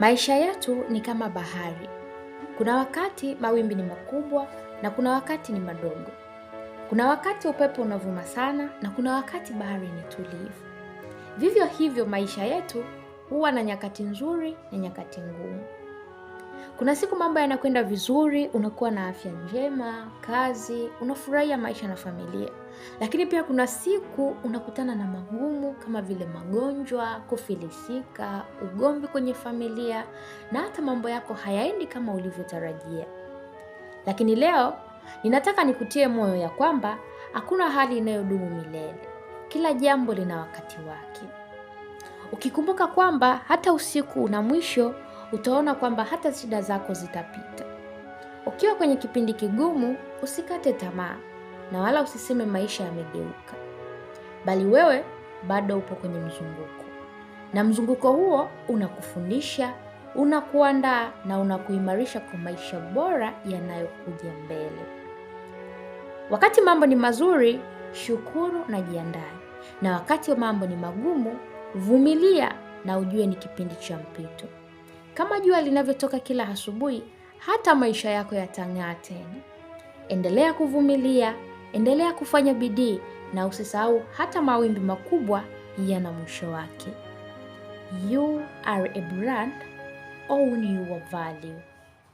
Maisha yetu ni kama bahari. Kuna wakati mawimbi ni makubwa na kuna wakati ni madogo. Kuna wakati upepo unavuma sana na kuna wakati bahari ni tulivu. Vivyo hivyo maisha yetu huwa na nyakati nzuri na nyakati ngumu. Kuna siku mambo yanakwenda vizuri, unakuwa na afya njema, kazi, unafurahia maisha na familia, lakini pia kuna siku unakutana na magumu kama vile magonjwa, kufilisika, ugomvi kwenye familia na hata mambo yako hayaendi kama ulivyotarajia. Lakini leo ninataka nikutie moyo ya kwamba hakuna hali inayodumu milele. Kila jambo lina wakati wake. Ukikumbuka kwamba hata usiku una mwisho utaona kwamba hata shida zako zitapita. Ukiwa kwenye kipindi kigumu, usikate tamaa na wala usiseme maisha yamegeuka, bali wewe bado upo kwenye mzunguko, na mzunguko huo unakufundisha, unakuandaa na unakuimarisha kwa maisha bora yanayokuja mbele. Wakati mambo ni mazuri, shukuru na jiandae, na wakati mambo ni magumu, vumilia na ujue ni kipindi cha mpito kama jua linavyotoka kila asubuhi, hata maisha yako yatang'aa tena. Endelea kuvumilia, endelea kufanya bidii, na usisahau hata mawimbi makubwa yana mwisho wake. You are a brand, own your value.